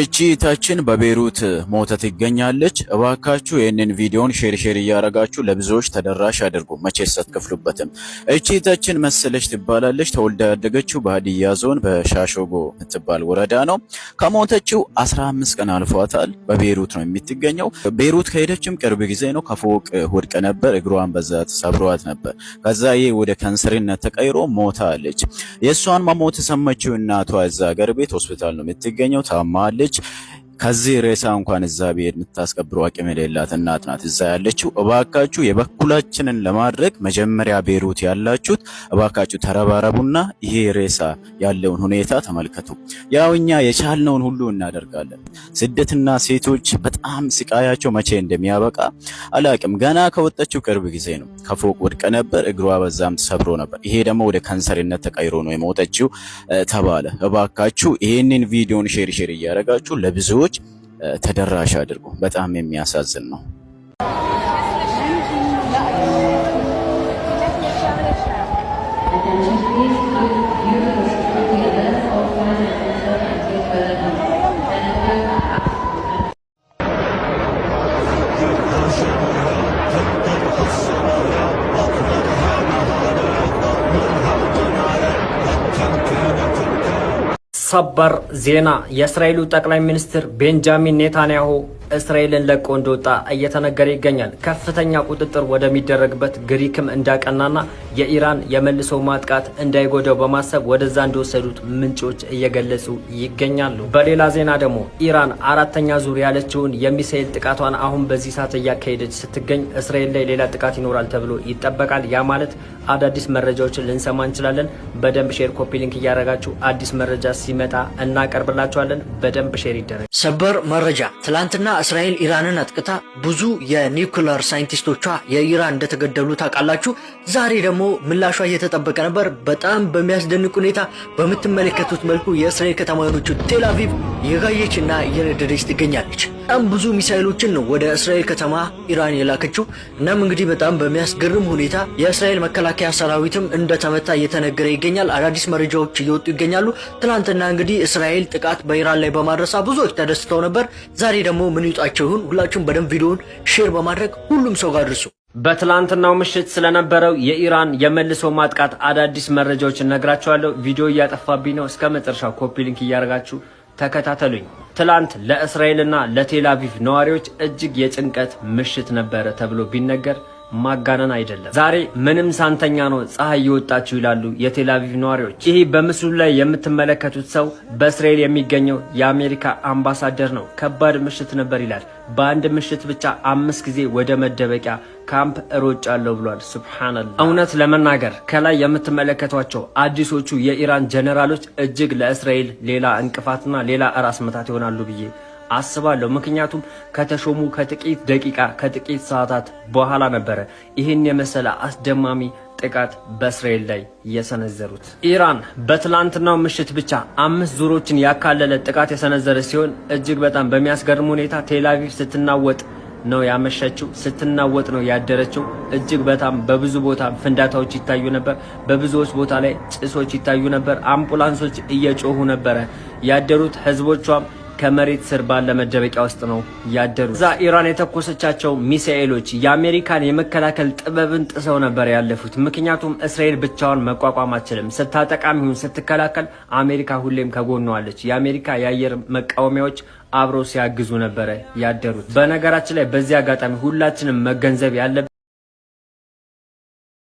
እቺ ታችን በቤሩት ሞተ ትገኛለች። እባካችሁ ይህንን ቪዲዮን ሼር ሼር እያረጋችሁ ለብዙዎች ተደራሽ አድርጉ። መቼ አትከፍሉበትም። እቺ ታችን መሰለች ትባላለች። ተወልዳ ያደገችው በሀዲያ ዞን በሻሾጎ የምትባል ወረዳ ነው። ከሞተችው 15 ቀን አልፏታል። በቤሩት ነው የምትገኘው። ቤሩት ከሄደችም ቅርብ ጊዜ ነው። ከፎቅ ወድቀ ነበር። እግሯን በዛ ተሰብሯት ነበር። ከዛ ይህ ወደ ካንሰርነት ተቀይሮ ሞታለች። የእሷን መሞት የሰማችው እናቷ እዛ ሀገር ቤት ሆስፒታል ነው የምትገኘው። ታማለች። which ከዚህ ሬሳ እንኳን እዛ ብሄድ የምታስቀብረው አቅም የሌላት እናት ናት እዛ ያለችው። እባካችሁ የበኩላችንን ለማድረግ መጀመሪያ ቤሩት ያላችሁት እባካችሁ ተረባረቡና ይሄ ሬሳ ያለውን ሁኔታ ተመልከቱ። ያው እኛ የቻልነውን ሁሉ እናደርጋለን። ስደትና ሴቶች በጣም ስቃያቸው መቼ እንደሚያበቃ አላቅም። ገና ከወጣችው ቅርብ ጊዜ ነው። ከፎቅ ወድቀ ነበር፣ እግሯ በዛም ተሰብሮ ነበር። ይሄ ደግሞ ወደ ካንሰርነት ተቀይሮ ነው የመውጠችው ተባለ። እባካችሁ ይሄንን ቪዲዮን ሼር ሼር እያደረጋችሁ ለብዙዎች ሰዎች ተደራሽ አድርጉ። በጣም የሚያሳዝን ነው። Thank you. ሰበር ዜና የእስራኤሉ ጠቅላይ ሚኒስትር ቤንጃሚን ኔታንያሁ እስራኤልን ለቆ እንደወጣ እየተነገረ ይገኛል። ከፍተኛ ቁጥጥር ወደሚደረግበት ግሪክም እንዳቀናና የኢራን የመልሶ ማጥቃት እንዳይጎዳው በማሰብ ወደዛ እንደወሰዱት ምንጮች እየገለጹ ይገኛሉ። በሌላ ዜና ደግሞ ኢራን አራተኛ ዙር ያለችውን የሚሳኤል ጥቃቷን አሁን በዚህ ሰዓት እያካሄደች ስትገኝ፣ እስራኤል ላይ ሌላ ጥቃት ይኖራል ተብሎ ይጠበቃል። ያ ማለት አዳዲስ መረጃዎችን ልንሰማ እንችላለን። በደንብ ሼር፣ ኮፒ ሊንክ እያደረጋችሁ አዲስ መረጃ ሲመ ሲመጣ እናቀርብላቸዋለን። በደንብ ሼር ይደረግ። ሰበር መረጃ፣ ትላንትና እስራኤል ኢራንን አጥቅታ ብዙ የኒውክለር ሳይንቲስቶቿ የኢራን እንደተገደሉ ታውቃላችሁ። ዛሬ ደግሞ ምላሿ እየተጠበቀ ነበር። በጣም በሚያስደንቅ ሁኔታ በምትመለከቱት መልኩ የእስራኤል ከተማ የሆነችው ቴል አቪቭ የጋየች እና እየነደደች ትገኛለች። በጣም ብዙ ሚሳይሎችን ነው ወደ እስራኤል ከተማ ኢራን የላከችው። እናም እንግዲህ በጣም በሚያስገርም ሁኔታ የእስራኤል መከላከያ ሰራዊትም እንደተመታ እየተነገረ ይገኛል። አዳዲስ መረጃዎች እየወጡ ይገኛሉ። ትናንትና እንግዲህ እስራኤል ጥቃት በኢራን ላይ በማድረሳ ብዙዎች ተደስተው ነበር። ዛሬ ደግሞ ምን ይውጣቸው ይሁን? ሁላችሁም በደንብ ቪዲዮውን ሼር በማድረግ ሁሉም ሰው ጋር ድርሱ። በትላንትናው ምሽት ስለነበረው የኢራን የመልሶ ማጥቃት አዳዲስ መረጃዎችን ነግራችኋለሁ። ቪዲዮ እያጠፋብኝ ነው። እስከ መጨረሻው ኮፒ ሊንክ እያደረጋችሁ ተከታተሉኝ። ትላንት ለእስራኤልና ለቴላቪቭ ነዋሪዎች እጅግ የጭንቀት ምሽት ነበረ ተብሎ ቢነገር ማጋነን አይደለም። ዛሬ ምንም ሳንተኛ ነው ፀሐይ እየወጣችሁ ይላሉ የቴላቪቭ ነዋሪዎች። ይህ በምስሉ ላይ የምትመለከቱት ሰው በእስራኤል የሚገኘው የአሜሪካ አምባሳደር ነው። ከባድ ምሽት ነበር ይላል። በአንድ ምሽት ብቻ አምስት ጊዜ ወደ መደበቂያ ካምፕ ሮጭ አለው ብሏል። ሱብሃናላ። እውነት ለመናገር ከላይ የምትመለከቷቸው አዲሶቹ የኢራን ጀኔራሎች እጅግ ለእስራኤል ሌላ እንቅፋትና ሌላ ራስ ምታት ይሆናሉ ብዬ አስባለሁ። ምክንያቱም ከተሾሙ ከጥቂት ደቂቃ ከጥቂት ሰዓታት በኋላ ነበረ ይህን የመሰለ አስደማሚ ጥቃት በእስራኤል ላይ የሰነዘሩት። ኢራን በትላንትናው ምሽት ብቻ አምስት ዙሮችን ያካለለ ጥቃት የሰነዘረ ሲሆን እጅግ በጣም በሚያስገርም ሁኔታ ቴላቪቭ ስትናወጥ ነው ያመሸችው። ስትናወጥ ነው ያደረችው። እጅግ በጣም በብዙ ቦታ ፍንዳታዎች ይታዩ ነበር። በብዙዎች ቦታ ላይ ጭሶች ይታዩ ነበር። አምቡላንሶች እየጮሁ ነበረ ያደሩት ህዝቦቿም ከመሬት ስር ባለ መደበቂያ ውስጥ ነው ያደሩ። እዛ ኢራን የተኮሰቻቸው ሚሳኤሎች የአሜሪካን የመከላከል ጥበብን ጥሰው ነበር ያለፉት። ምክንያቱም እስራኤል ብቻውን መቋቋም አችልም። ስታጠቃም ይሁን ስትከላከል አሜሪካ ሁሌም ከጎኗዋለች። የአሜሪካ የአየር መቃወሚያዎች አብረው ሲያግዙ ነበረ ያደሩት። በነገራችን ላይ በዚህ አጋጣሚ ሁላችንም መገንዘብ ያለብን